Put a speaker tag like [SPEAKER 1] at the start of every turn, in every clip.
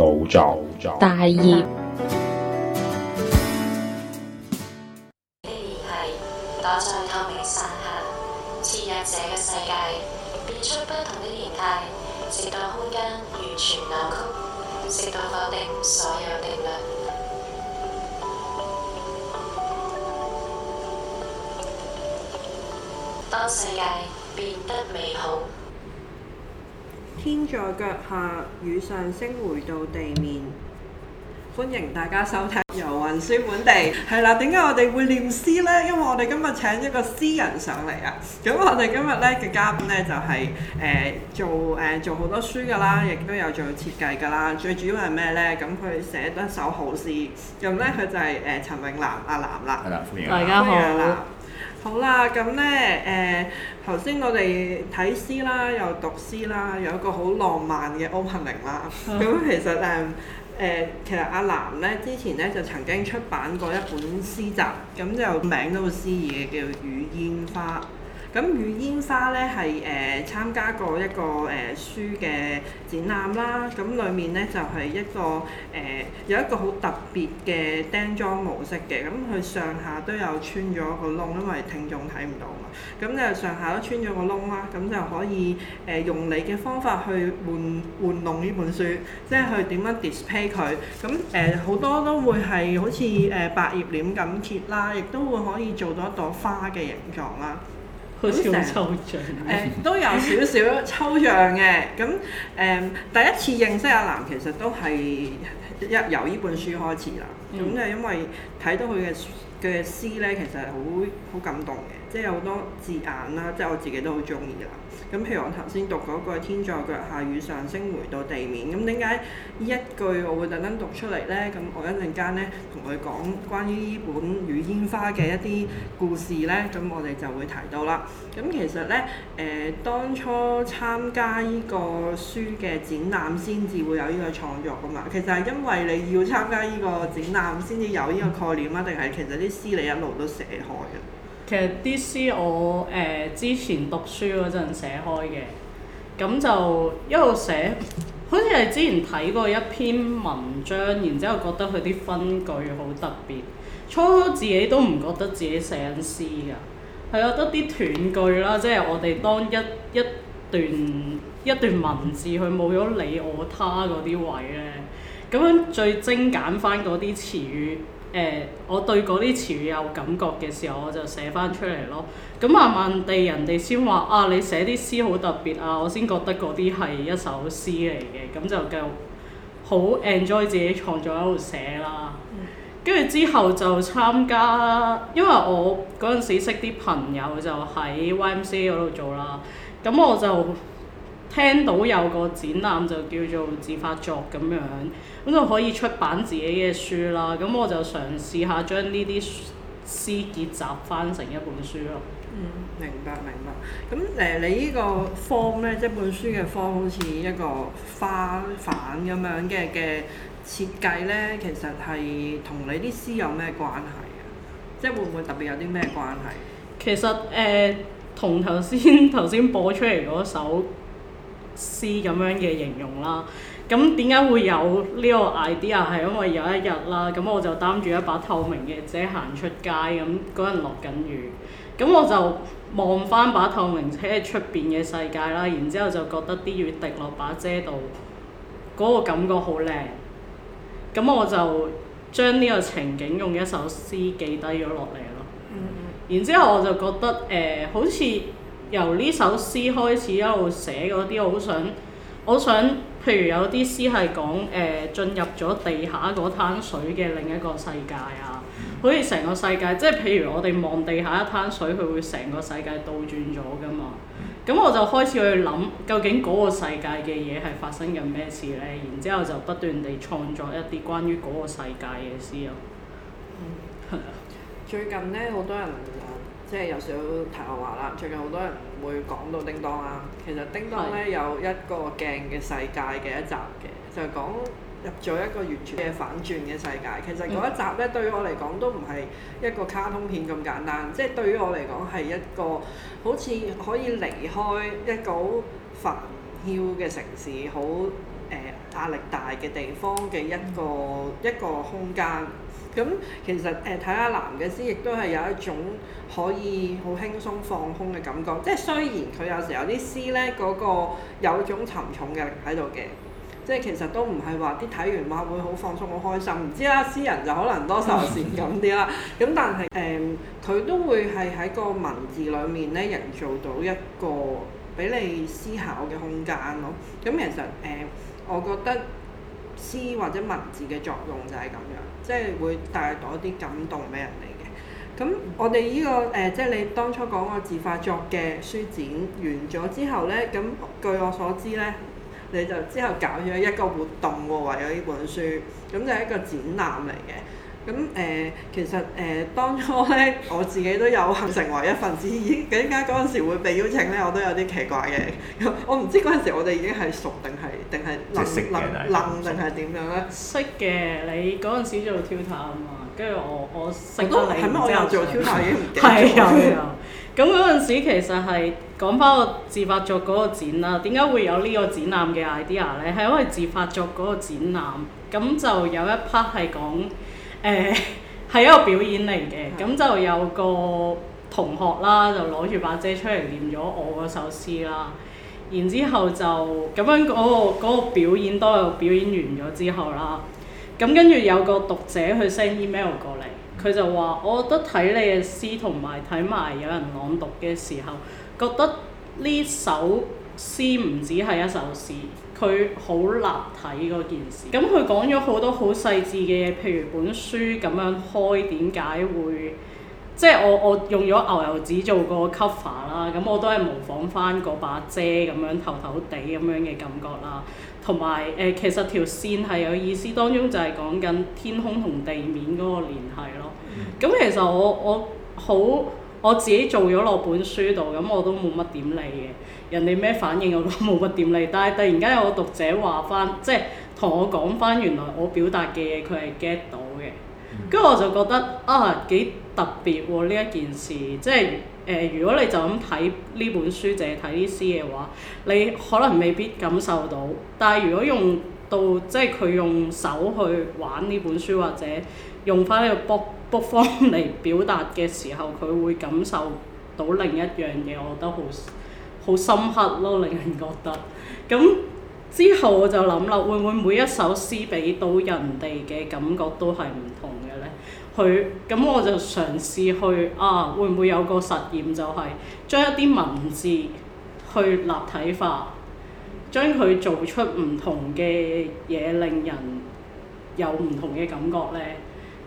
[SPEAKER 1] 腦作大
[SPEAKER 2] 業。係我在透明世界，切入這個世界，變出不同的年代，直到空間完全扭曲，直到否定所有定律。當世界變得美好。
[SPEAKER 1] 天在腳下，雨上升回到地面。歡迎大家收聽《遊雲書本地》。係啦，點解我哋會念詩呢？因為我哋今日請一個詩人上嚟啊。咁我哋今日咧嘅嘉賓咧就係、是、誒、呃、做誒、呃、做好多書噶啦，亦都有做設計噶啦。最主要係咩呢？咁佢寫得首好詩。咁呢、就是，佢就係誒陳永南阿南啦。係啦，歡迎大家好。好啦，咁呢，誒、呃，頭先我哋睇詩啦，又讀詩啦，有一個好浪漫嘅 opening 啦。咁、uh huh. 其實誒誒、呃，其實阿枬呢之前呢就曾經出版過一本詩集，咁就名都好詩意嘅，叫《雨煙花》。咁雨煙花咧係誒參加過一個誒、呃、書嘅展覽啦。咁、嗯、裡面咧就係、是、一個誒、呃、有一個好特別嘅釘裝模式嘅。咁、嗯、佢上下都有穿咗個窿，因為聽眾睇唔到嘛。咁、嗯、就上下都穿咗個窿啦，咁就可以誒用你嘅方法去玩玩弄呢本書，即係去點樣 display 佢。咁誒好多都會係好似誒百葉簾咁揭啦，亦都會可以做到一朵花嘅形狀啦。好似成抽象誒成、 呃、都有少少抽象嘅。咁誒第一次認識阿枬其實都係一由呢本書開始啦，咁就、嗯、因為睇到佢嘅嘅詩咧，其實係好好感動嘅，即係有好多字眼啦，即係我自己都好中意嘅。咁譬如我頭先讀嗰句天在腳下，雨上升回到地面，咁點解呢一句我會特登讀出嚟呢？咁我一陣間呢，同佢講關於呢本雨煙花嘅一啲故事呢，咁我哋就會提到啦。咁其實呢，誒、呃、當初參加呢個書嘅展覽先至會有呢個創作噶嘛。其實係因為你要參加呢個展覽先至有呢個概念啊，定係其實啲詩你一路都寫開嘅？
[SPEAKER 2] 其實啲詩我誒、呃、之前讀書嗰陣寫開嘅，咁就一路寫，好似係之前睇過一篇文章，然之後覺得佢啲分句好特別，初初自己都唔覺得自己寫緊詩㗎，係啊，得啲斷句啦，即係我哋當一一段一段文字，佢冇咗你我他嗰啲位咧，咁樣最精簡翻嗰啲詞語。誒、欸，我對嗰啲詞語有感覺嘅時候，我就寫翻出嚟咯。咁慢慢地人，人哋先話啊，你寫啲詩好特別啊，我先覺得嗰啲係一首詩嚟嘅。咁就繼續好 enjoy 自己創作喺度寫啦。跟住、嗯、之後就參加，因為我嗰陣時識啲朋友就喺 YMCA 嗰度做啦。咁我就～聽到有個展覽就叫做自發作咁樣，咁就可以出版自己嘅書啦。咁我就嘗試下將呢啲詩結集返成一本書咯。嗯，明，明白明白。咁
[SPEAKER 1] 誒、呃，你呢個方咧，即本書嘅方好似一個花瓣咁樣嘅嘅設計咧，其實係同你啲詩有咩關係啊？即
[SPEAKER 2] 係會唔會特別有啲咩關係？其實誒，同頭先頭先播出嚟嗰首。詩咁樣嘅形容啦，咁點解會有呢個 idea？係因為有一日啦，咁我就擔住一把透明嘅遮行出街，咁嗰日落緊雨，咁我就望翻把透明遮出邊嘅世界啦，然之後就覺得啲雨滴落把遮度，嗰、嗰個感覺好靚，咁我就將呢個情景用一首詩記低咗落嚟咯。Mm hmm. 然之後我就覺得誒、呃，好似～由呢首詩開始一路寫嗰啲，我好想，好想，譬如有啲詩係講誒進入咗地下嗰灘水嘅另一個世界啊，好似成個世界，即係譬如我哋望地下一灘水，佢會成個世界倒轉咗噶嘛。咁我就開始去諗，究竟嗰個世界嘅嘢係發生緊咩事呢？然之後就不斷地創作一啲關於嗰個世界嘅詩啊。嗯、
[SPEAKER 1] 最近呢，好多人。即係有少少題外話啦，最近好多人會講到叮當啊。其實叮當呢，的有一個鏡嘅世界嘅一集嘅，就係講入咗一個完全嘅反轉嘅世界。其實嗰一集呢，嗯、對於我嚟講都唔係一個卡通片咁簡單，即、就、係、是、對於我嚟講係一個好似可以離開一個好繁囂嘅城市、好誒、呃、壓力大嘅地方嘅一個一個空間。咁其實誒睇阿枬嘅詩，亦都係有一種可以好輕鬆放空嘅感覺。即係雖然佢有時候啲詩咧嗰個有種沉重嘅喺度嘅，即係其實都唔係話啲睇完話會好放鬆好開心。唔知啦，詩人就可能多愁善感啲啦。咁 但係誒，佢、呃、都會係喺個文字裡面咧營造到一個俾你思考嘅空間咯。咁其實誒、呃，我覺得。詩或者文字嘅作用就係咁樣，即係會帶到一啲感動俾人哋嘅。咁我哋呢個誒，即係你當初講個自發作嘅書展完咗之後咧，咁據我所知咧，你就之後搞咗一個活動喎，為咗呢本書，咁就係一個展覽嚟嘅。咁誒、嗯呃，其實誒、呃、當初咧，我自己都有幸成為一份子。點解嗰陣時會被邀請咧？我都有啲奇怪嘅、嗯。我唔知嗰陣時我哋已經係熟定係定係能識能是能
[SPEAKER 2] 定係點樣咧？識嘅，你嗰陣時做 tutor 啊嘛，跟住我我識得你，之後、嗯、做 tutor 已經唔記得咗。 咁嗰陣時其實係講翻個自發作嗰個展啦。點解會有呢個展覽嘅 idea 咧？係因為自發作嗰個展覽，咁就有一 part 係講。誒係一個表演嚟嘅，咁就有個同學啦，就攞住把遮出嚟念咗我嗰首詩啦。然之後就咁樣嗰個表演，都有表演完咗之後啦，咁跟住有個讀者去 send email 過嚟，佢就話：我覺得睇你嘅詩同埋睇埋有人朗讀嘅時候，覺得呢首詩唔止係一首詩。佢好立體嗰件事，咁佢講咗好多好細緻嘅嘢，譬如本書咁樣開，點解會即係我我用咗牛油紙做個 cover 啦、啊，咁我都係模仿返嗰把遮咁樣透透地咁樣嘅感覺啦，同埋誒其實條線係有意思，當中就係講緊天空同地面嗰個聯繫咯。咁、啊嗯嗯嗯、其實我我好我自己做咗落本書度，咁、啊、我都冇乜點理嘅。人哋咩反應我都冇乜點理，但係突然間有個讀者話翻，即係同我講翻原來我表達嘅嘢佢係 get 到嘅，跟住、嗯、我就覺得啊幾特別喎、啊、呢一件事，即係誒、呃、如果你就咁睇呢本書，淨係睇呢啲詩嘅話，你可能未必感受到，但係如果用到即係佢用手去玩呢本書，或者用翻呢個 b 方嚟表達嘅時候，佢會感受到另一樣嘢，我覺得好。好深刻咯、啊，令人覺得。咁之後我就諗啦，會唔會每一首詩俾到人哋嘅感覺都係唔同嘅呢？去，咁我就嘗試去啊，會唔會有個實驗就係將一啲文字去立體化，將佢做出唔同嘅嘢，令人有唔同嘅感覺呢？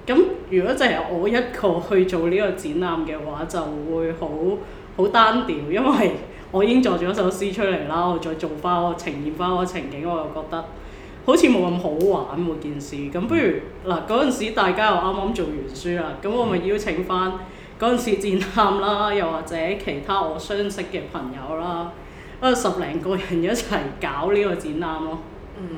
[SPEAKER 2] 咁如果就係我一個去做呢個展覽嘅話，就會好好單調，因為我已經作咗首詩出嚟啦，我再做翻我呈現翻嗰情景，我又覺得好似冇咁好玩嗰件事。咁不如嗱，嗰陣時大家又啱啱做完書啦，咁我咪邀請翻嗰陣時展覽啦，又或者其他我相識嘅朋友啦，啊十零個人一齊搞呢個展覽咯。嗯，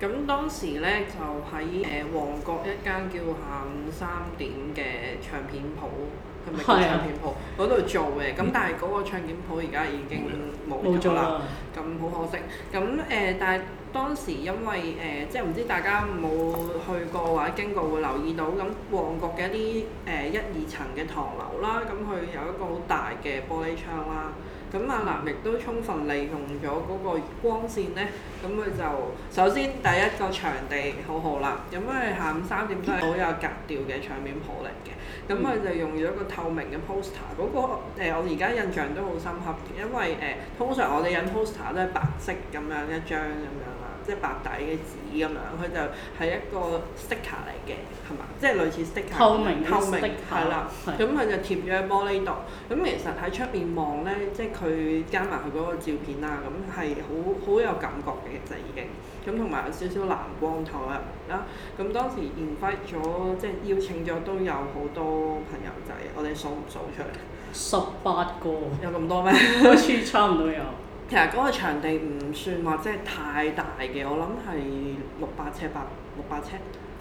[SPEAKER 2] 咁
[SPEAKER 1] 當時咧就喺誒旺角一間叫下午三點嘅唱片鋪，係咪叫唱片鋪？嗰度做嘅，咁但係嗰個唱片鋪而家已經冇咗啦，咁好、啊、可惜。咁誒、呃，但係當時因為誒、呃，即係唔知大家冇去過話經過會留意到，咁旺角嘅一啲誒、呃、一二層嘅唐樓啦，咁佢有一個好大嘅玻璃窗啦。咁阿南亦都充分利用咗個光線咧，咁佢就首先第一個場地好好啦，咁佢下午三點都係好有格調嘅場面鋪嚟嘅，咁佢就用咗個透明嘅 poster，個誒，我而家印象都好深刻，因為誒、呃、通常我哋印 poster 都係白色咁樣一張咁樣。即白底嘅紙咁樣，佢就係一個 sticker 嚟嘅，係嘛？即類似 sticker。透明透明。係啦，咁佢就貼咗喺玻璃度。咁其實喺出面望咧，即佢加埋佢嗰個照片啊，咁係好好有感覺嘅，就已經。咁同埋有少少藍光透入啦。咁當時研發咗，即邀請咗都有好多朋友仔。我哋數唔數出嚟？十八個。有咁多咩？好似 差唔多有。其實嗰個場地唔算話即係太大嘅，我諗係六百尺，百六百尺，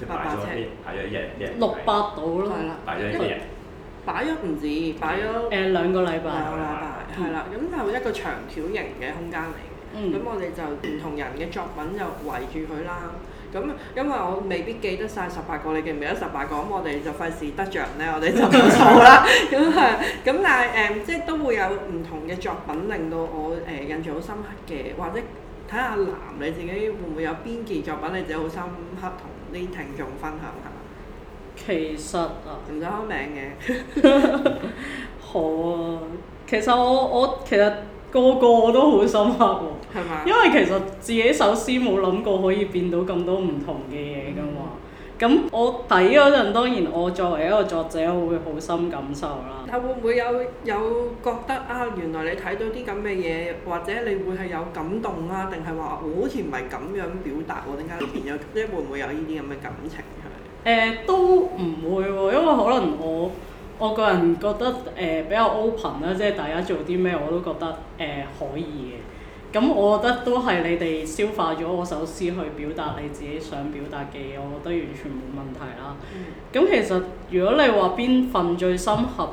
[SPEAKER 1] 八百尺，係啊，六百度咯，擺咗啲嘢，擺咗唔止，擺咗誒兩個禮拜，兩個禮拜，係啦，咁就、嗯、一個長條形嘅空間嚟嘅，咁、嗯、我哋就唔同人嘅作品就圍住佢啦。咁、嗯、因為我未必記得晒十八個，你記唔記得十八個？咁我哋就費事得罪人咧，我哋就唔做啦。咁啊，咁、 嗯嗯、但係誒、嗯，即係都會有唔同嘅作品令到我誒、呃、印象好深刻嘅，或者睇下男你自己會唔會有邊件作品你自己好深刻同啲聽眾分享下？其實啊，唔使開名嘅。
[SPEAKER 2] 好啊，其實我我其實。個個我都好深刻喎、哦，吧因為其實自己首先冇諗過可以變到咁多唔同嘅嘢㗎嘛。咁、嗯、我睇嗰陣當然我作為一個作者我會好深感受啦。
[SPEAKER 1] 但會唔會有有覺得啊？原來你睇到啲咁嘅嘢，或者你會係有感動啊？定係話我好似唔係咁樣表達喎、啊？點解之前有即係 會唔會有呢啲咁嘅感情
[SPEAKER 2] 係咪？誒、呃，都唔會喎、哦，因為可能我。我個人覺得誒、呃、比較 open 啦，即係大家做啲咩我都覺得誒、呃、可以嘅。咁我覺得都係你哋消化咗我首詩去表達你自己想表達嘅嘢，我覺得完全冇問題啦。咁、嗯、其實如果你話邊份最深刻、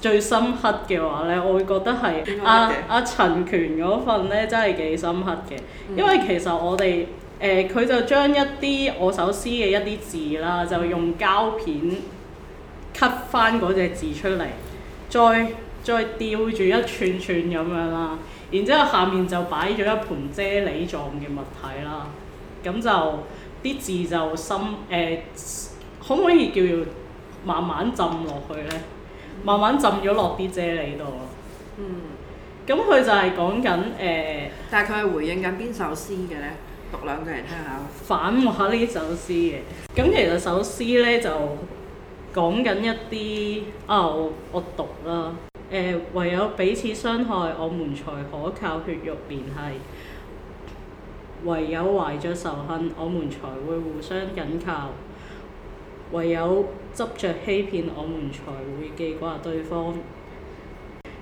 [SPEAKER 2] 最深刻嘅話咧，我會覺得係阿阿陳權嗰份咧，真係幾深刻嘅。因為其實我哋誒佢就將一啲我首詩嘅一啲字啦，就用膠片。cut 翻嗰隻字出嚟，再再吊住一串串咁樣啦，然之後下面就擺咗一盤啫喱狀嘅物體啦，咁就啲字就深，誒、呃，可唔可以叫慢慢浸落去咧？慢慢浸咗落啲啫喱度。嗯。咁佢就係講緊誒。呃、但係佢回應緊邊首詩嘅呢？讀兩句嚟聽下。反話呢首詩嘅。咁其實首詩呢就，講緊一啲啊，惡毒啦、呃。唯有彼此傷害，我們才可靠血肉聯繫；唯有懷着仇恨，我們才會互相緊靠；唯有執着欺騙，我們才會記掛對方。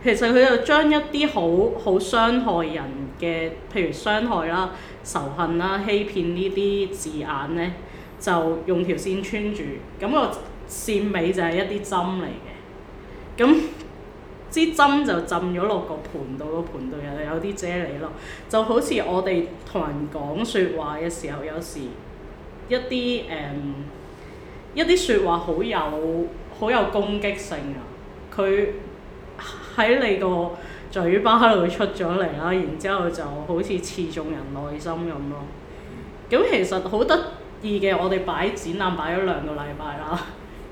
[SPEAKER 2] 其實佢就將一啲好好傷害人嘅，譬如傷害啦、仇恨啦、欺騙呢啲字眼呢，就用條線穿住咁個。線尾就係一啲針嚟嘅，咁支針就浸咗落個盤度，個盤度又有啲啫喱咯，就好似我哋同人講説話嘅時候，有時一啲誒、嗯、一啲説話好有好有攻擊性啊，佢喺你個嘴巴度出咗嚟啦，然之後就好似刺中人內心咁咯。咁其實好得意嘅，我哋擺展覽擺咗兩個禮拜啦。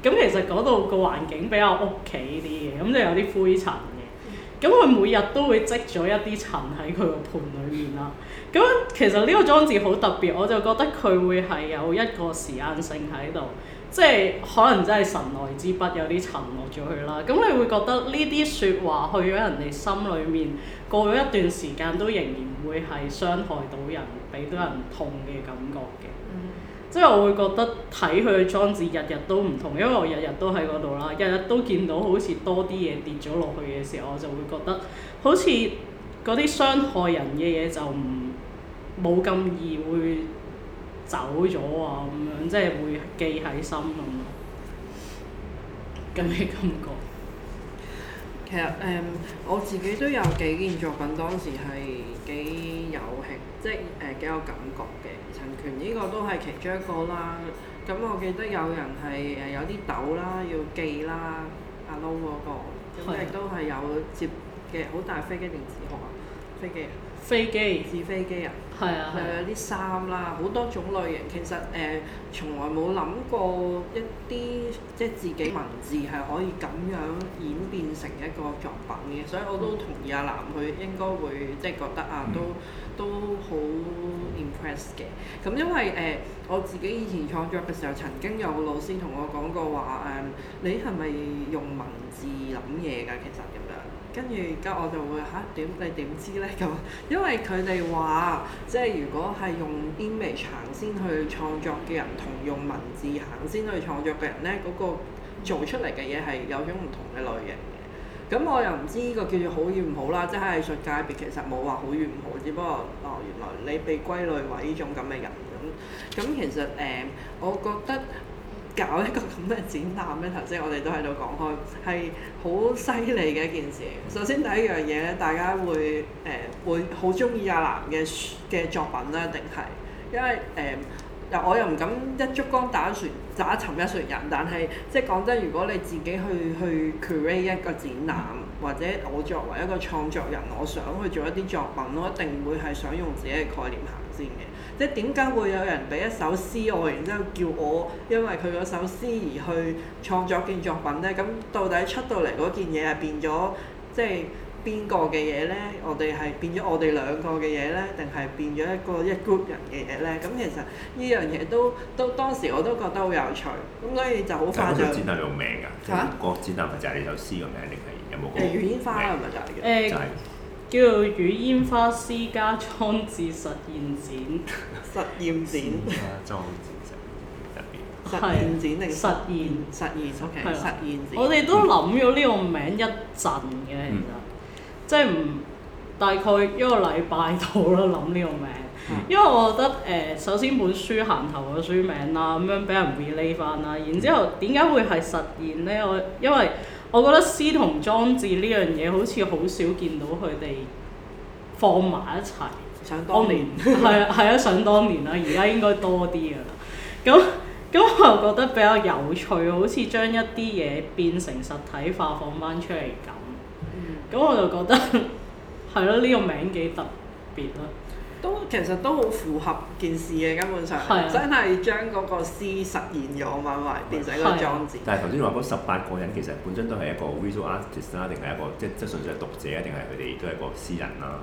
[SPEAKER 2] 咁其實嗰度個環境比較屋企啲嘅，咁就有啲灰塵嘅。咁佢每日都會積咗一啲塵喺佢個盤裏面啦。咁其實呢個裝置好特別，我就覺得佢會係有一個時間性喺度，即係可能真係神來之筆，有啲塵落咗去啦。咁你會覺得呢啲説話去咗人哋心裏面，過咗一段時間都仍然會係傷害到人，俾到人痛嘅感覺嘅。即係我會覺得睇佢嘅裝置日日都唔同，因為我日日都喺嗰度啦，日日都見到好似多啲嘢跌咗落去嘅時候，我就會覺得好似嗰啲傷害人嘅嘢就唔冇咁易會走咗啊，咁樣，即係會記喺心咁。咁嘅感覺。其實誒，um, 我自己都有幾件作品，當
[SPEAKER 1] 時係幾有興，即係誒、呃、幾有感覺嘅。陳權呢個都係其中一個啦。咁我記得有人係誒有啲竇啦，要記啦阿 Low 嗰個，咁亦是都係有接嘅好大飛機定紙鶴啊？飛機飛機紙飛機啊？係啊，係啊！啲衫啦，好多種類型。其實誒，從來冇諗過一啲即係自己文字係可以咁樣演變成一個作品嘅。所以我都同意阿枬佢應該會即係覺得啊，都都好 impress 嘅。咁因為誒，我自己以前創作嘅時候，曾經有個老師同我講過話誒，你係咪用文字諗嘢㗎？其實。跟住而家我就會嚇點、啊、你點知呢？咁？因為佢哋話，即係如果係用 image 行先去創作嘅人，同用文字行先去創作嘅人呢，嗰、那個做出嚟嘅嘢係有種唔同嘅類型嘅。咁我又唔知呢個叫做好與唔好啦，即係藝術界別其實冇話好與唔好，只不過哦原來你被歸類為呢種咁嘅人咁。咁其實誒、呃，我覺得。搞一個咁嘅展覽咧，頭先我哋都喺度講開係好犀利嘅一件事。首先第一樣嘢咧，大家會誒、呃、會好中意阿枬嘅嘅作品咧，定係因為誒嗱、呃、我又唔敢一竹篙打船，打沉一船人。但係即係講真，如果你自己去去 create 一個展覽或者我作為一個創作人，我想去做一啲作品，我一定會係想用自己嘅概念行先嘅。即係點解會有人俾一首詩我，然之後叫我因為佢嗰首詩而去創作件作品咧？咁到底出到嚟嗰件嘢係變咗即係邊個嘅嘢咧？我哋係變咗我哋兩個嘅嘢咧，定係變咗一個一 group 人嘅嘢咧？咁其實呢樣嘢都都當時我都覺得好有趣，咁所以就好快。嗰個主題有名㗎嚇？嗰主題係就係你首詩、啊、個名，定係有冇？誒、嗯，雨煙花係咪就係、是、嘅？
[SPEAKER 2] 叫《與煙花私家裝置實驗展》實驗展，私家裝置展入邊。實驗展定實驗實驗 O K，實驗展我哋都諗咗呢個名一陣嘅，其實、嗯、即係唔大概一個禮拜到啦諗呢個名，嗯、因為我覺得誒、呃、首先本書行頭嘅書名啦，咁樣俾人 release 翻啦，然之後點解會係實驗咧？我因為我覺得詩同裝置呢樣嘢好似好少見到佢哋放埋一齊。想當年係 啊係啊，想當年啦，而家應該多啲㗎啦。咁咁我又覺得比較有趣，好似將一啲嘢變成實體化放翻出嚟咁。咁、嗯、我就覺得係咯，呢個名幾特別啦。都其實都好符合件事嘅根本上，的真
[SPEAKER 1] 係將嗰個詩實現咗嘛，或的變成一個裝置。但係頭先話嗰十八個人其實本身都係一個 visual artist 啦，定係一個即即純粹係讀者啊，定係佢哋都係一個詩人啦？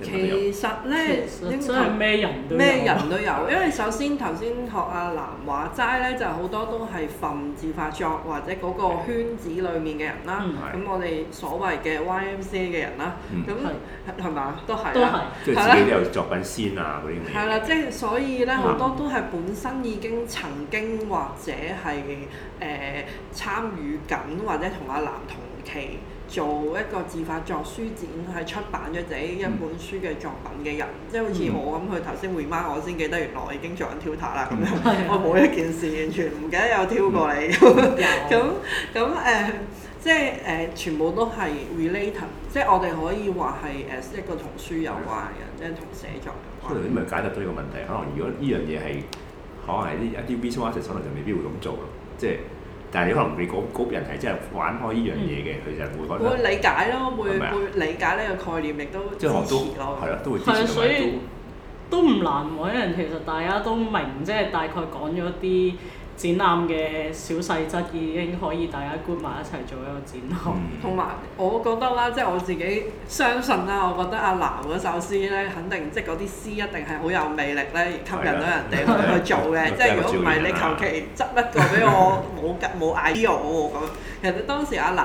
[SPEAKER 1] 其實咧，應該咩人都咩人都有，因為首先頭先學阿南話齋咧，就好、是、多都係份子發作或者嗰個圈子裡面嘅人啦。咁、嗯、我哋所謂嘅 YMCA 嘅人啦，咁係嘛，都係啦，即係是自己都有作品先啊嗰啲咩。係啦，即、就、係、是、所以咧，好多都係本身已經曾經或者係誒、呃、參與緊，或者同阿南同期。做一個自發作書展，係出版咗自己一本書嘅作品嘅人，即係好似我咁。佢頭先 remark，我先記得原來我已經做緊跳塔啦咁樣。Style, 的我冇一件事完全唔記得有跳過你咁。咁咁即係誒，全部都係 related，即係我哋可以話係誒一個同書有關嘅人，即係同寫作有關。出嚟啲咪解答到呢個問題？ 可能如果呢樣嘢係，可能係啲一啲 visual artist 可能就未必會咁做咯，即係。但係你可能你嗰嗰人係真係玩開呢樣嘢嘅，佢、嗯、就會開。會理解
[SPEAKER 2] 咯，會會理解呢個概念，亦都支持咯。係咯、哦，都
[SPEAKER 1] 會支持咁啊，所以
[SPEAKER 2] 都唔難揾人，嗯、因為其實大家都明，即、就、係、是、大概講咗啲。展覽嘅小細則已經可以大家 group 埋一齊做一個展覽，同埋、嗯、我覺得啦，即、就、係、是、我自己相信啦，我覺得
[SPEAKER 1] 阿枬嗰首詩咧，肯定即係嗰啲詩一定係好有魅力咧，吸引到人哋去去做嘅。即係 如果唔係你求其執一個俾我冇冇 idea 喎咁。其實當時阿枬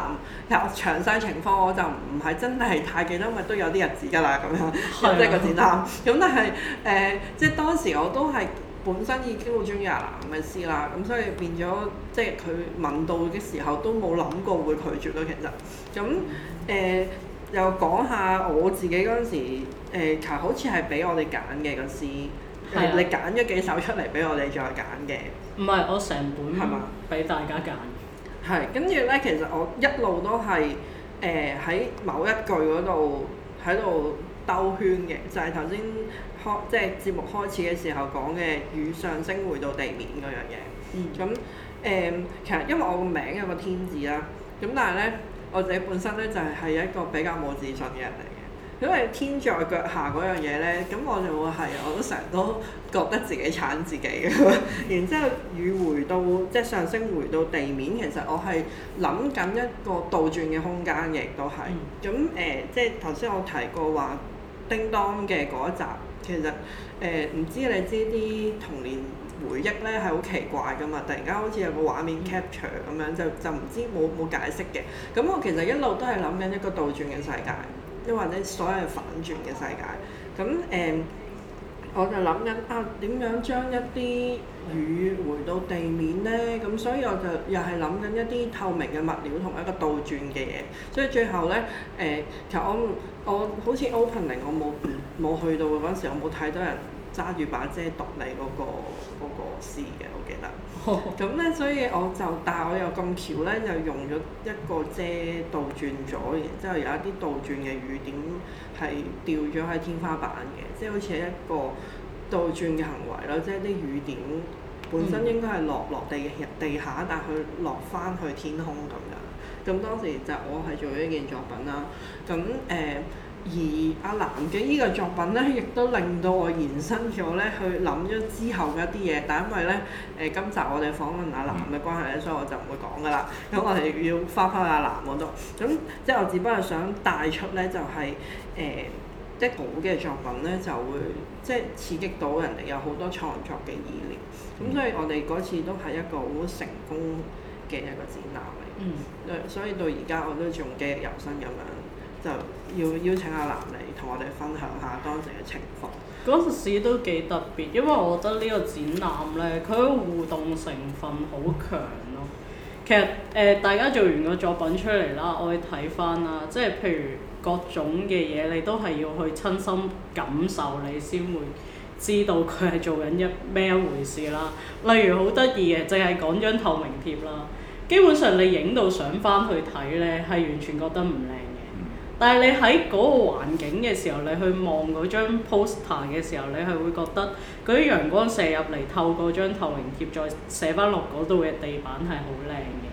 [SPEAKER 1] 又詳細情況我就唔係真係太記得，因為都有啲日子㗎啦咁樣，即係的個展覽。咁 但係誒，即、呃、係、就是、當時我都係。本身已經好中意阿男嘅詩啦，咁所以變咗即係佢問到嘅時候都冇諗過會拒絕咯，其實。咁、嗯、誒、嗯嗯呃、又講下我自己嗰陣時、呃、其實好似係俾我哋揀嘅個詩，係、啊、你揀咗幾首出嚟俾我哋再揀嘅。唔係，我成本係嘛吧？俾大家揀。係，跟住咧，其實我一路都係誒喺某一句嗰度喺度。兜圈嘅就係頭先開即係節目開始嘅時候講嘅雨上升回到地面嗰樣嘢。嗯。咁誒、呃，其實因為我個名有個天字啦，咁但係咧，我自己本身咧就係係一個比較冇自信嘅人嚟嘅。因為天在腳下嗰樣嘢咧，咁我就會係我都成日都覺得自己慘自己。 然之後雨回到即係、就是、上升回到地面，其實我係諗緊一個倒轉嘅空間嘅，亦都係。咁誒、嗯，即係頭先我提過話。叮當嘅嗰一集，其實誒唔、呃、知你知啲童年回憶咧係好奇怪噶嘛，突然間好似有個畫面 capture 咁樣，就就唔知冇冇解釋嘅。咁我其實一路都係諗緊一個倒轉嘅世界，又或者所謂反轉嘅世界。咁誒。呃我就諗緊啊點樣將一啲雨回到地面咧？咁所以我就又係諗緊一啲透明嘅物料同一個倒轉嘅嘢。所以最後咧，誒、呃，其實我我好似 opening 我冇冇去到嗰陣時，我冇太多人。揸住把遮讀你嗰個嗰個詩嘅，我記得。咁咧、oh.，所以我就，但我又咁巧咧，就用咗一個遮倒轉咗，然之後有一啲倒轉嘅雨點係掉咗喺天花板嘅，即係好似一個倒轉嘅行為咯，即係啲雨點本身應該係落落地嘅地下，但佢落翻去天空咁樣。咁當時就是我係做咗一件作品啦，咁誒。呃而阿枬嘅呢個作品咧，亦都令到我延伸咗咧，去諗咗之後嘅一啲嘢。但因為咧，誒、呃、今集我哋訪問阿枬嘅關係咧，嗯、所以我就唔會講噶啦。咁 我哋要翻返阿枬嗰度。咁即係我只不過想帶出咧，就係、是、誒，一好嘅作品咧，就會即係刺激到人哋有好多創作嘅意念。咁、嗯、所以我哋嗰次都係一個好成功嘅一個展覽嚟。嗯。所以到而家我都仲記憶猶新咁樣就。要邀請阿藍嚟同我
[SPEAKER 2] 哋分享下當時嘅情況。嗰陣時都幾特別，因為我覺得呢個展覽咧，佢互動成分好強咯。其實、呃、大家做完個作品出嚟啦，我會睇翻啦，即係譬如各種嘅嘢，你都係要去親身感受，你先會知道佢係做緊一咩一回事啦。例如好得意嘅，就係講張透明貼啦。基本上你影到相翻去睇呢，係完全覺得唔靚。但係你喺嗰個環境嘅時候，你去望嗰張 poster 嘅時候，你係會覺得嗰啲陽光射入嚟，透過張透明貼再射翻落嗰度嘅地板係好靚嘅。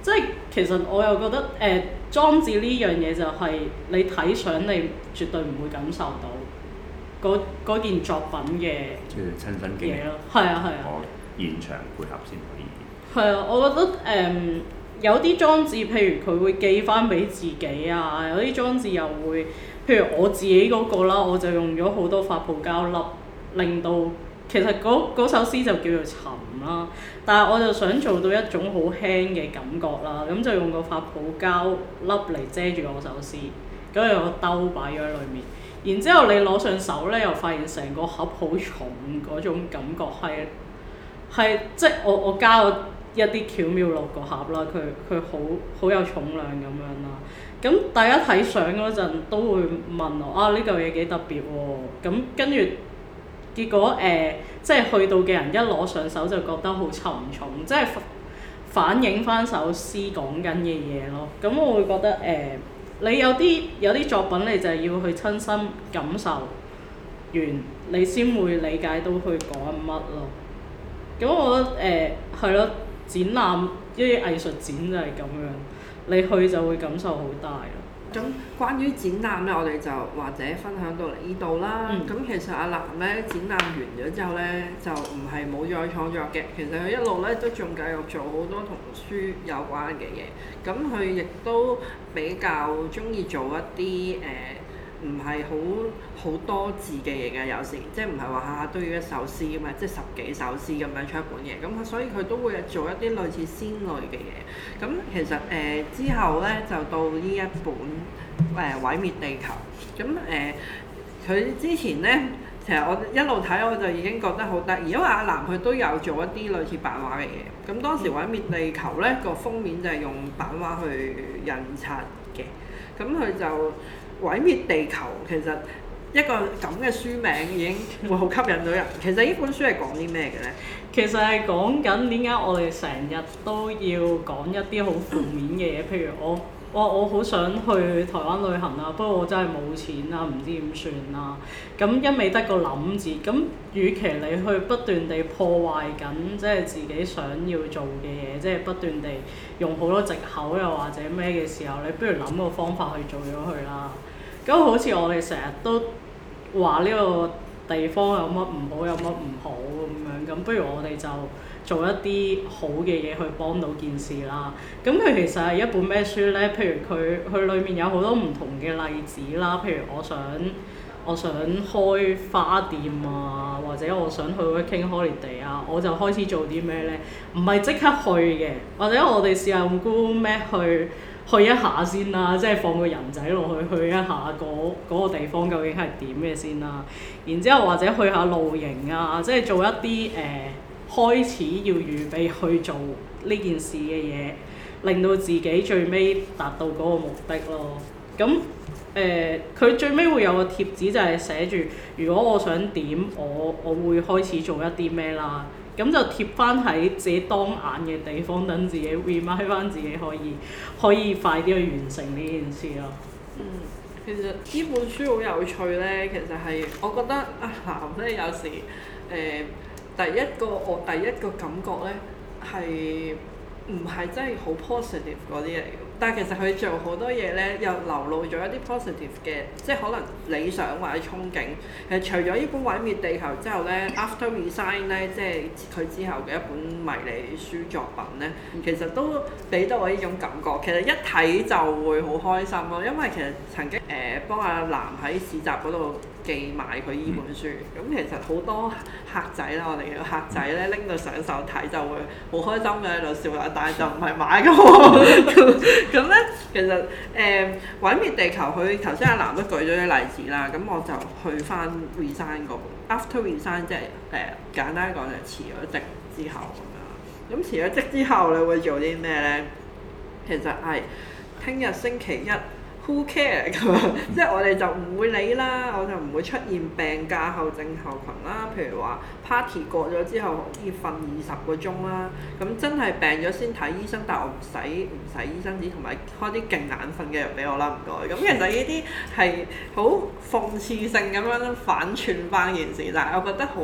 [SPEAKER 2] 即係其實我又覺得誒、呃、裝置呢樣嘢就係你睇相你絕對唔會感受到嗰件作品嘅即係
[SPEAKER 1] 親身嘅嘢咯。
[SPEAKER 2] 係啊係啊，啊
[SPEAKER 1] 啊現場配合先可以。
[SPEAKER 2] 係啊，我覺得誒。嗯有啲裝置，譬如佢會寄翻俾自己啊，有啲裝置又會，譬如我自己嗰個啦，我就用咗好多發泡膠粒，令到其實嗰首詩就叫做沉啦。但係我就想做到一種好輕嘅感覺啦，咁就用個發泡膠粒嚟遮住我首詩，咁用個兜擺咗喺裡面。然之後你攞上手咧，又發現成個盒好重嗰種感覺係係即係我我膠我。我加一啲巧妙落個盒啦，佢佢好好有重量咁樣啦。咁大家睇相嗰陣都會問我啊，呢嚿嘢幾特別喎？咁跟住結果誒，即係去到嘅人一攞上手就覺得好沉重，即係反映翻首詩講緊嘅嘢咯。咁我會覺得誒，你有啲有啲作品，你就係要去親身感受完，你先會理解到佢講乜咯。咁我覺得誒係咯。呃展覽，因為藝術展就係咁樣，你去就會感受好大。咁關於展覽咧，我哋就或者分
[SPEAKER 1] 享到呢度啦。咁、嗯、其實阿枬咧展覽完咗之後咧，就唔係冇再創作嘅。其實佢一路咧都仲繼續做好多同書有關嘅嘢。咁佢亦都比較中意做一啲誒。呃唔係好好多字嘅嘢嘅，有時即係唔係話下下都要一首詩咁嘛，即係十幾首詩咁樣出一本嘢。咁所以佢都會做一啲類似詩類嘅嘢。咁其實誒、呃、之後咧就到呢一本誒、呃、毀滅地球。咁誒佢之前咧其實我一路睇我就已經覺得好得意，因為阿南佢都有做一啲類似版畫嘅嘢。咁當時《毀滅地球》呢咧個封面就係用版畫去印刷嘅。咁佢就。毀滅地球其實
[SPEAKER 2] 一個咁嘅書名已經會好吸引到人。其實呢本書係講啲咩嘅咧？其實係講緊點解我哋成日都要講一啲好負面嘅嘢，譬如我哇我好想去台灣旅行啊，不過我真係冇錢啊，唔知點算啦。咁一味得個諗字，咁與其你去不斷地破壞緊即係自己想要做嘅嘢，即係不斷地用好多藉口又或者咩嘅時候，你不如諗個方法去做咗佢啦。咁好似我哋成日都話呢個地方有乜唔好有乜唔好咁樣，咁不如我哋就做一啲好嘅嘢去幫到件事啦。咁佢其實係一本咩書呢？譬如佢佢裡面有好多唔同嘅例子啦。譬如我想我想開花店啊，或者我想去 Working Holiday 啊，我就開始做啲咩呢？唔係即刻去嘅，或者我哋試下用 Google 咩去？去一下先啦，即係放個人仔落去，去一下嗰個地方究竟係點嘅先啦。然之後或者去下露營啊，即係做一啲誒、呃、開始要預備去做呢件事嘅嘢，令到自己最尾達到嗰個目的咯。咁、嗯、誒，佢、呃、最尾會有個貼紙，就係寫住如果我想點，我我會開始做一啲咩啦。咁就貼翻喺自己當眼嘅地方，等自己 remind 翻自己可以可以快啲去完成呢件事咯。嗯，
[SPEAKER 1] 其實呢本書好有趣咧，其實係我覺得阿枬咧有時誒、呃、第一個我第一個感覺咧係唔係真係好 positive 嗰啲嚟。但係其實佢做好多嘢咧，又流露咗一啲 positive 嘅，即係可能理想或者憧憬。其實除咗呢本毀滅地球之後咧，After Resign 咧，即係佢之後嘅一本迷你書作品咧，其實都俾到我呢種感覺。其實一睇就會好開心咯，因為其實曾經誒幫阿藍喺市集嗰度。寄埋佢呢本書，咁其實好多客仔啦，我哋嘅客仔咧拎到上手睇就會好開心嘅喺度笑啦，但係就唔係買㗎喎。咁咧， 其實誒毀、呃、滅、滅地球，佢頭先阿南都舉咗啲例子啦。咁我就去翻 resign 嗰個 after resign，即係誒簡單講就辭咗職之後咁樣。咁辭咗職之後你會做啲咩咧？其實係聽日星期一。Who care 咁 啊？即係我哋就唔會理啦，我就唔會出現病假後症後群啦。譬如話 party 過咗之後可以瞓二十個鐘啦。咁真係病咗先睇醫生，但係我唔使唔使醫生紙同埋開啲勁眼瞓嘅藥俾我啦，唔該。咁其實呢啲係好諷刺性咁樣反串翻件事，但係我覺得好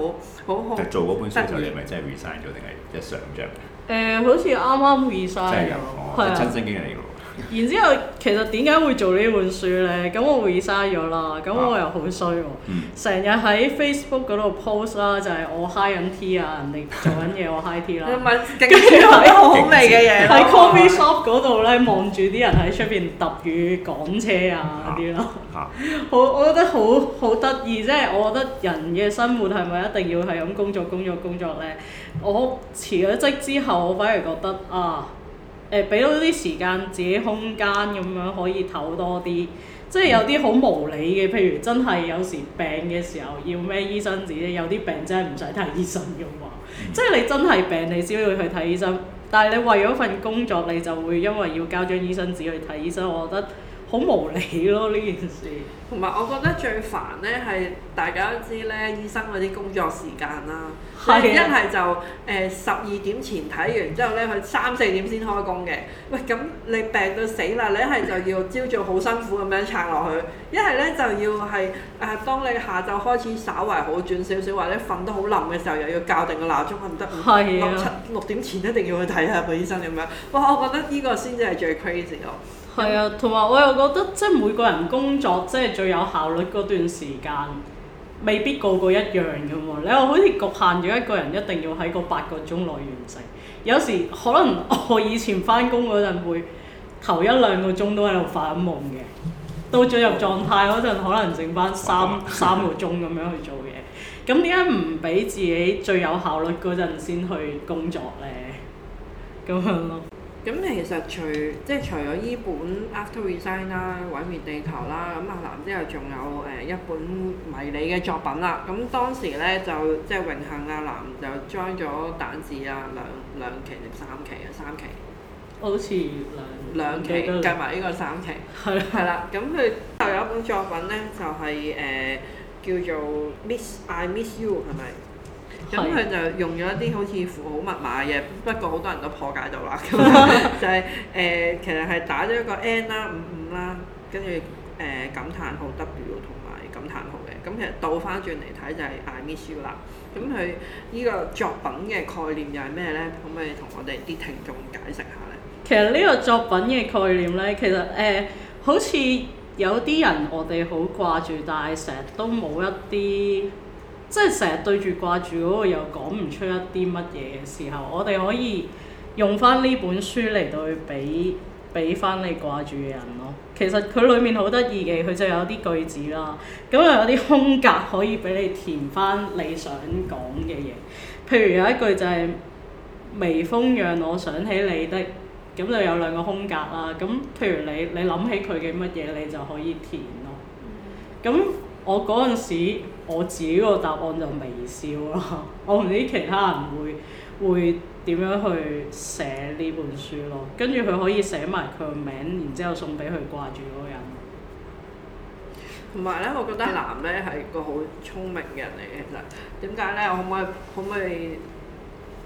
[SPEAKER 1] 好好。就做嗰本書，特別 你咪真係 resign 咗
[SPEAKER 2] 定係一上將？誒、呃，好似啱啱 resign 咯，係啊。然之後，其實點解會做呢本書呢？咁我 resign 咗啦，咁我又好衰喎，成日喺 Facebook 嗰度 post 啦，就係、是、我 high 緊 T 啊，人哋做緊嘢我 high T 啦，跟住睇好味嘅嘢喺、啊、coffee shop 嗰度咧望住啲人喺出邊揼雨趕車啊嗰啲咯，啊啊、好我覺得好好得意，即係、就是、我覺得人嘅生活係咪一定要係咁工，工作工作工作呢？我辭咗職之後，我反而覺得啊～啊誒，俾多啲時間自己空間，咁樣可以唞多啲，即係有啲好無理嘅，譬如真係有時病嘅時候要咩醫生紙咧，有啲病真係唔使睇醫生㗎嘛，即係你真係病你先要去睇醫生，但係你為咗份工作你就會因為要交張醫生紙去睇醫生，我覺得。好無理咯呢件事，同埋我覺
[SPEAKER 1] 得最煩呢係大家都知呢醫生嗰啲工作
[SPEAKER 2] 時間啦，一係的就
[SPEAKER 1] 誒十二點前睇完之後呢，佢三四點先開工嘅。喂，咁你病到死啦，你一係就要朝早好辛苦咁樣撐落去，一係呢，就要係誒、呃，當你下晝開始稍為好轉少少，或者瞓得好冧嘅時候，又要校定個鬧鐘，唔得
[SPEAKER 2] 六七六點前一定要去睇下個醫生咁樣。哇，我覺得呢個先至係最 crazy 咯～係啊，同埋我又覺得即係每個人工作即係最有效率嗰段時間，未必個個一樣嘅嘛。你話好似局限住一個人一定要喺個八個鐘內完成，有時可能我以前翻工嗰陣會頭一兩個鐘都喺度發緊夢嘅，到進入狀態嗰陣可能剩翻三三個鐘咁樣去做嘢。咁點解唔俾自己最有效率嗰陣先去工作呢？咁樣咯。咁、嗯、其實除即係除
[SPEAKER 1] 咗依本 After Resign 啦、毀滅地球啦，咁阿南之後仲有誒、呃、一本迷你嘅作品啦。咁、嗯、當時咧就即係榮幸阿、啊、南就 join 咗《蛋字》啊兩兩期定三期啊三期。
[SPEAKER 2] 好似兩期。兩期
[SPEAKER 1] 計埋呢個三期。係。係啦，咁佢就有一本作品咧，就係、是、誒、呃、叫做 Miss I Miss You 係咪？咁佢就用咗一啲好似符號密碼嘅，不過好多人都破解到啦。 咁就係、是、誒、呃，其實係打咗一個 N 啦、五五啦，跟住誒感嘆號 W 同埋感嘆號嘅。咁其實倒翻轉嚟睇就係 I miss you 啦。咁佢呢個作品嘅概念又係咩咧？可唔可以同我哋啲聽眾解釋下咧？
[SPEAKER 2] 其實呢個作品嘅概念咧，其實誒好似有啲人我哋好掛住，但係成日都冇一啲。即係成日對住掛住嗰個又講唔出一啲乜嘢嘅時候，我哋可以用翻呢本書嚟到去俾俾翻你掛住嘅人咯。其實佢裡面好得意嘅，佢就有啲句子啦，咁又有啲空格可以俾你填翻你想講嘅嘢。譬如有一句就係微風讓我想起你的，咁就有兩個空格啦。咁譬如你你諗起佢嘅乜嘢，你就可以填咯。咁我嗰陣時。我自己個答案就微笑咯，我唔知其他人會會點樣去寫呢本書咯，跟住佢可以寫埋佢個名，然之後送俾佢掛住嗰個人。同埋咧，我覺得男
[SPEAKER 1] 咧係個好聰明嘅人嚟嘅，點解咧？我可唔可以可唔可以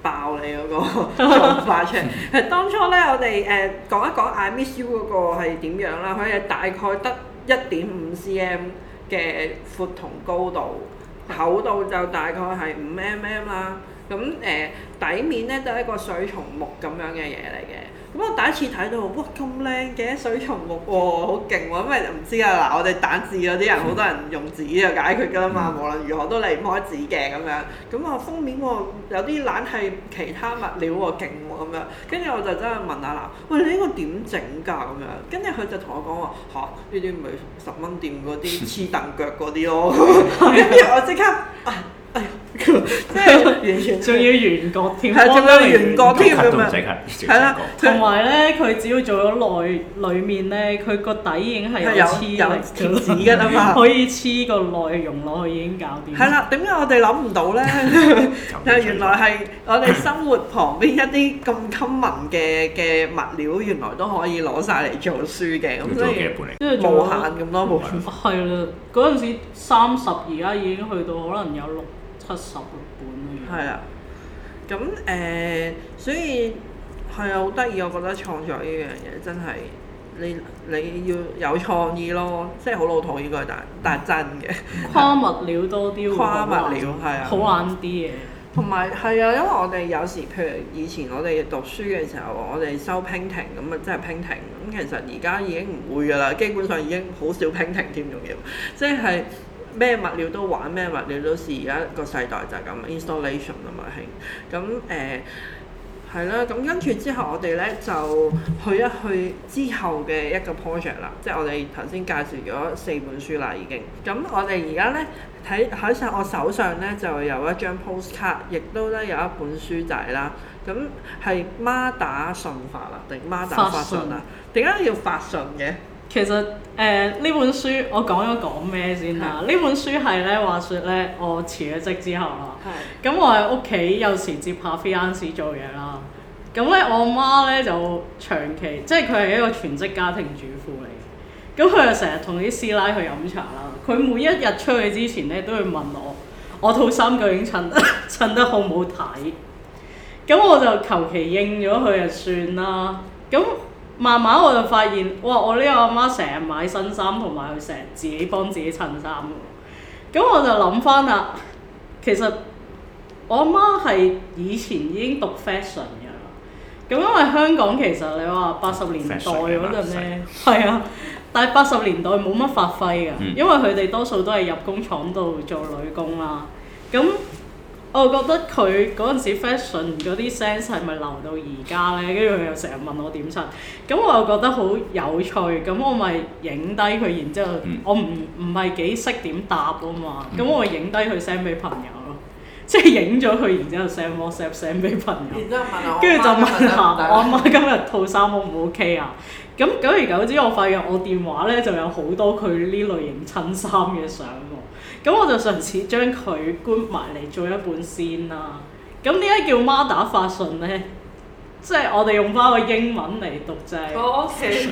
[SPEAKER 1] 爆你嗰個做法出嚟？其實 當初咧，我哋誒、呃、講一講 I miss you 嗰個係點樣啦，佢係大概得一點五 cm。嘅闊同高度，厚度就大概係五 mm 啦。咁誒、呃、底面咧都係一個水松木咁樣嘅嘢嚟嘅。咁我第一次睇到，哇咁靚嘅水溶木喎，好勁喎，因為唔知啊嗱，我哋打字嗰啲人好、嗯、多人用紙就解決㗎啦嘛，嗯、無論如何都離唔開紙嘅咁樣。咁啊封面喎，有啲懶係其他物料喎，勁喎咁樣。跟住我就真係問啊嗱，喂你呢個點整㗎咁樣？樣跟住佢就同我講話，嚇呢啲唔係十蚊店嗰啲黐凳腳嗰啲咯。跟住我即刻啊！哎呀，即係仲要圓角
[SPEAKER 2] 添，仲要圓角添啊！係啦，同埋咧，佢只要做咗內裏面咧，佢個底已經係有黐嚟貼紙嘅啦嘛，可以黐個內容落去已經搞掂。係啦，點解我哋諗唔到咧？但係原來係我
[SPEAKER 1] 哋生活旁邊一啲咁襟民嘅嘅物料，原來都可以攞晒
[SPEAKER 2] 嚟做書嘅，咁即係無限咁多部分。係啦，嗰陣時三十，而家已經去到可能有六七十個本
[SPEAKER 1] 嘅嘢。係啊，咁、呃、誒，所以係啊，好得意，我覺得創作呢樣嘢真係你你要有創意咯，即係好老土呢個，但但係真嘅、啊。跨物料多啲。
[SPEAKER 2] 跨物料係啊。好玩
[SPEAKER 1] 啲嘅，同埋係啊，因為我哋有時譬如以前我哋讀書嘅時候，我哋收拼停咁啊，即係拼停。咁。其實而家已經唔會噶啦，基本上已經好少拼停。添，仲要即係。咩物料都玩，咩物料都試，而家個世代就係咁，installation 啊嘛興，咁誒係啦，咁跟住之後我哋咧就去一去之後嘅一個 project 啦，即係我哋頭先介紹咗四本書啦已經，咁我哋而家咧喺喺晒我手上咧就有一張 postcard，亦都咧有一本書仔啦，咁係孖打信發啊定 m 孖打發信啊？點解
[SPEAKER 2] 要發信嘅？其實誒呢、呃、本書我講咗講咩先啦？呢的本書係咧話說咧，我辭咗職之後啦，咁的、嗯、我喺屋企有時接下 freelance 做嘢啦。咁、嗯、咧我媽咧就長期即係佢係一個全職家庭主婦嚟嘅。咁、嗯、佢就成日同啲師奶去飲茶啦。佢每一日出去之前咧都會問我：我套衫究竟襯襯得好唔好睇？咁、嗯、我就求其應咗佢就算啦。咁、嗯嗯慢慢我就發現，哇！我呢個阿媽成日買新衫，同埋佢成日自己幫自己襯衫喎。咁我就諗翻啦，其實我阿媽係以前已經讀 fashion 嘅，咁因為香港其實你話八十年代嗰陣呢，係啊，但係八十年代冇乜發揮㗎，嗯、因為佢哋多數都係入工廠度做女工啦，咁。我覺得佢嗰陣時 fashion 嗰啲 sense 係咪留到而家咧？跟住佢又成日問我點襯，咁我又覺得好有趣，咁我咪影低佢，然之後我唔唔係幾識點答啊嘛，咁 我咪影低佢 send 俾朋友，即係影咗佢，然之後 send WhatsApp send 俾朋友，然之後跟住就問下我阿媽今日套衫好唔 OK 啊？咁 久而久之，我發現我電話咧就有好多佢呢類型襯衫嘅相。咁我就順次將佢搬埋嚟做一本先啦。咁點解叫 Mother Fashion 咧？即係我哋用翻個英文嚟讀就係。O K。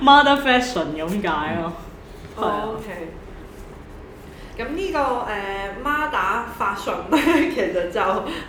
[SPEAKER 2] Mother Fashion 咁解咯。O K。
[SPEAKER 1] 咁呢個誒 Mother Fashion 咧，其實就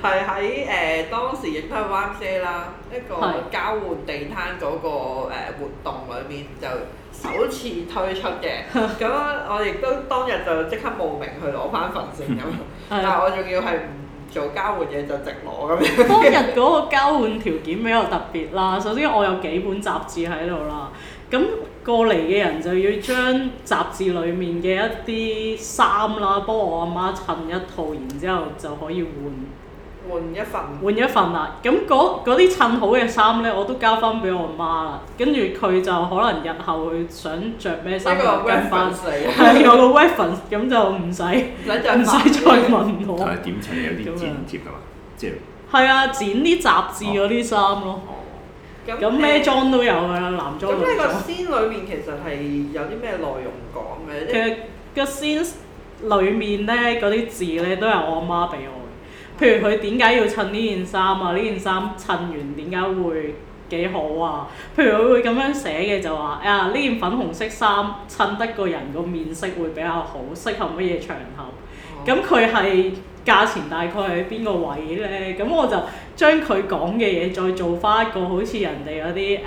[SPEAKER 1] 係喺誒當時亦都係 One 啦，一個交換地攤嗰個活動裏面就。的 首次推出嘅，咁我亦都當日就
[SPEAKER 2] 即刻慕名去攞翻份證。咁， 但係我仲要係唔做交換嘢，就直攞咁。 當日嗰個交換條件比較特別啦，首先我有幾本雜誌喺度啦，咁過嚟嘅人就要將雜誌裏面嘅一啲衫啦，幫我阿媽襯一套，然之後就可以換。換一份，換一份啦。咁嗰啲襯好嘅衫咧，我都交翻俾我媽啦。跟住佢就可能日後會想着咩衫，有個 reference 咁就唔使唔使再問我。係點襯有啲剪接噶啦，即係。係啊，剪啲雜誌嗰啲衫咯。咁咩裝都有噶啦，男裝女裝。咁你個
[SPEAKER 1] 先裏面其實係有啲咩內容
[SPEAKER 2] 講嘅？其實個先裏面咧嗰啲字咧都係我媽俾我，譬如佢點解要襯呢件衫啊？呢件衫襯完點解會幾好啊？譬如佢會咁樣寫嘅就話啊，呢件粉紅色衫襯得個人個面色會比較好，適合乜嘢場合？咁佢係價錢大概係邊個位呢？咁我就將佢講嘅嘢再做翻一個好似人哋嗰啲誒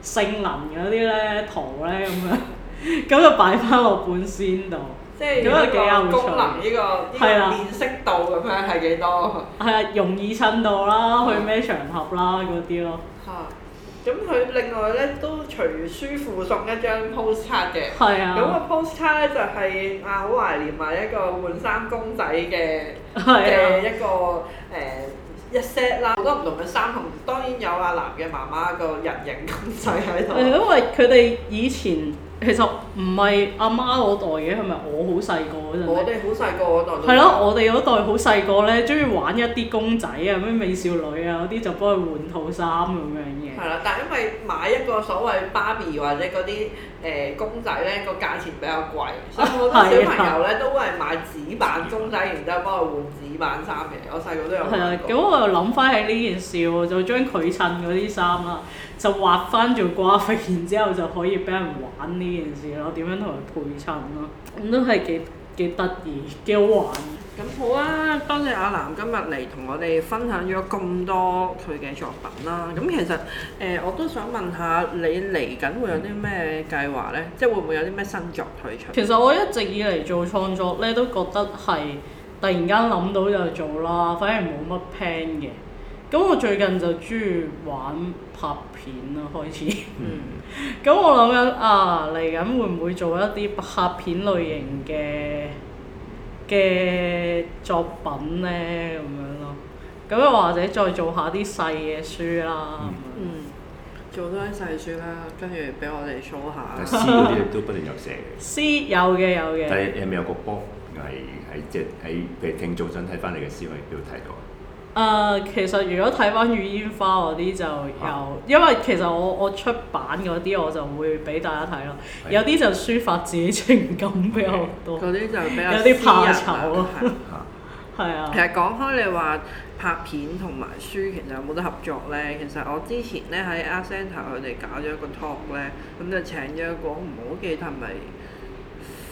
[SPEAKER 2] 性能嗰啲咧圖咧咁樣，咁 就擺翻落本先度。即係呢個功能，呢個，
[SPEAKER 1] 個辨
[SPEAKER 2] 識度咁樣係幾多？係啊，容易襯到啦，去咩場合啦嗰啲咯。嚇！
[SPEAKER 1] 咁佢、啊、另外咧都隨書附送一張 postcard 嘅。係啊。咁個 postcard 咧就係、是、啊，好懷念埋、啊、一個換衫公仔嘅嘅、啊、一個誒、呃、一 set 啦，好多唔同嘅衫同當然有阿、啊、男嘅媽媽個人形公仔喺度、啊。
[SPEAKER 2] 因為佢哋以前。其實唔係阿媽嗰代嘅，係咪我好細個嗰陣？我
[SPEAKER 1] 哋好細個嗰代。係咯，
[SPEAKER 2] 我哋嗰吧代好細個咧，中意玩一啲公仔啊，咩美少女啊嗰啲，就幫佢換套衫咁樣嘅。係啦，但係因
[SPEAKER 1] 為買一個所謂芭比或者嗰啲。誒、呃、公仔咧個價錢比較貴，所以我好多小朋友咧、啊啊、都係買紙版公仔，然之後幫佢換紙版衫嘅。我細個
[SPEAKER 2] 都有。係啊，咁我又諗翻起呢件事喎，就將佢襯嗰啲衫啦，就畫翻做怪物，然之後就可以俾人玩呢件事咯。點樣同佢配襯咯？咁都係幾幾得意，幾好玩。咁好啊！多謝阿南今日嚟同我哋分
[SPEAKER 1] 享咗咁多佢嘅作品啦。咁其實誒、呃，我都想問下你
[SPEAKER 2] 嚟緊會有啲咩計劃呢？嗯、即係會唔會有啲咩新作推出？其實我一直以嚟做創作呢，都覺得係突然間諗到就做啦，反而冇乜 plan 嘅。咁我最近就中意玩拍片啦，開始。嗯。咁、嗯、我諗緊啊，嚟緊會唔會做一啲拍片類型嘅？嘅作品咧咁樣咯，咁又或者再做一下啲細嘅書啦，嗯，嗯做多啲細書啦，跟住俾我哋 show 下。詩嗰啲亦
[SPEAKER 1] 都不斷 C, 有寫嘅。
[SPEAKER 2] 詩有嘅有嘅。但
[SPEAKER 1] 係係有個 book 係喺即係，譬如聽做真睇翻你嘅詩，我亦都睇過。
[SPEAKER 2] 誒，uh, 其實如果睇翻雨煙花嗰啲就有，啊、因為其實我我出版嗰啲我就會俾大家睇咯。嗯、有啲就抒發自己情感比較多，嗰啲、嗯、就比較 有啲怕醜。係 啊。其實講開你話拍片
[SPEAKER 1] 同埋書，其實有冇得合作咧？其實我之前咧喺阿 Art Center 佢哋搞咗一個 talk 咧，咁就請咗一個唔好記得係咪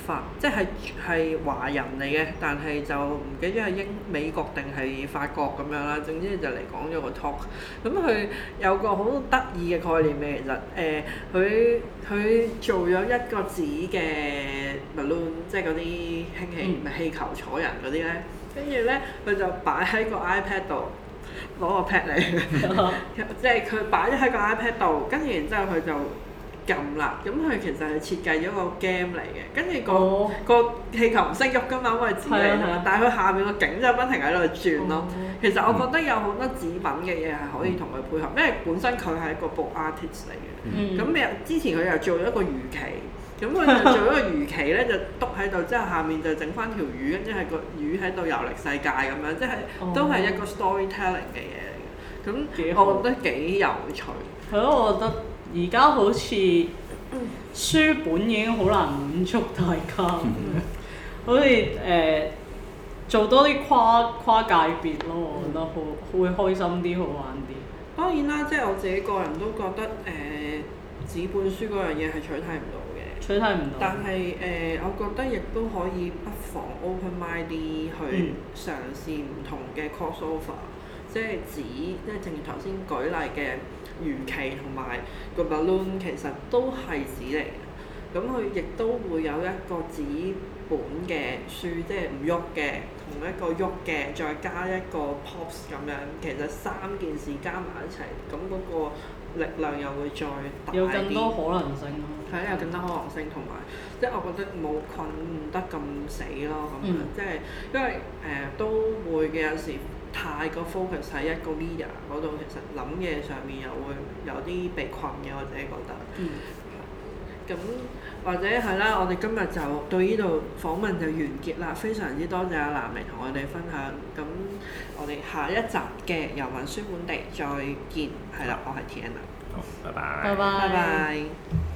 [SPEAKER 1] 法即係係華人嚟嘅，但係就唔記得係英美國定係法國咁樣啦。總之就嚟講咗個 talk，咁、嗯、佢有個好得意嘅概念咧。其實誒，佢佢做咗一個紙嘅 balloon 即係嗰啲氫氣唔、嗯、氣球坐人嗰啲咧。跟住咧，佢就擺喺個 iPad 度攞個 pad 嚟，即係佢擺咗喺個 iPad 度，跟住然之後佢就，就。撳啦，咁佢其實係設計咗個 game 嚟嘅，跟住個、oh. 個氣球唔識喐噶嘛，我係知嘅， 但係佢下面個景就不停喺度轉咯。Oh. Okay. 其實我覺得有好多紙品嘅嘢係可以同佢配合，因為本身佢係一個 book artist 嚟嘅。咁又、mm. 之前佢又做咗一個魚鰭，咁佢就做咗個魚鰭咧，就篤喺度，之後下面就整翻條魚，跟住係個魚喺度遊歷世界咁樣，即、就、係、是、都係一個 storytelling 嘅嘢嚟嘅。咁我覺得幾有趣。
[SPEAKER 2] 係咯， 我覺得。而家好似書本已經好難滿足大家 好似誒、呃、做多啲跨跨界別咯，我覺得好會開心啲，好玩啲。
[SPEAKER 1] 當然啦，即係我自己個人都覺得誒、呃、紙本書嗰樣嘢係取替唔到嘅。取替唔到。但係誒、呃，我覺得亦都可以不妨 open mind 啲去嘗試唔同嘅 cross over，嗯、即係指，即係正如頭先舉例嘅。如期同埋個 balloon 其實都係紙嚟嘅，咁佢亦都會有一個紙本嘅書，即係唔喐嘅，同一個喐嘅，再加一個 pops 咁樣，其實三件事加埋一齊，咁嗰個力量又會再大更多可能性咯、啊。係啦，有更多可能性同埋，即係我覺得冇困唔得咁死咯，咁樣即係因為誒、呃、都會嘅有時。太過 focus 喺一個 leader 嗰度，其實諗嘢上面又會有啲被困嘅，我自己覺得。嗯。咁或者係啦，我哋今日就到呢度訪問就完結啦，非常之多謝阿藍嚟同我哋分享。咁我哋下一集嘅遊雲書本地再見，係啦，我係 Tiana。好，拜。拜拜。拜拜。拜拜。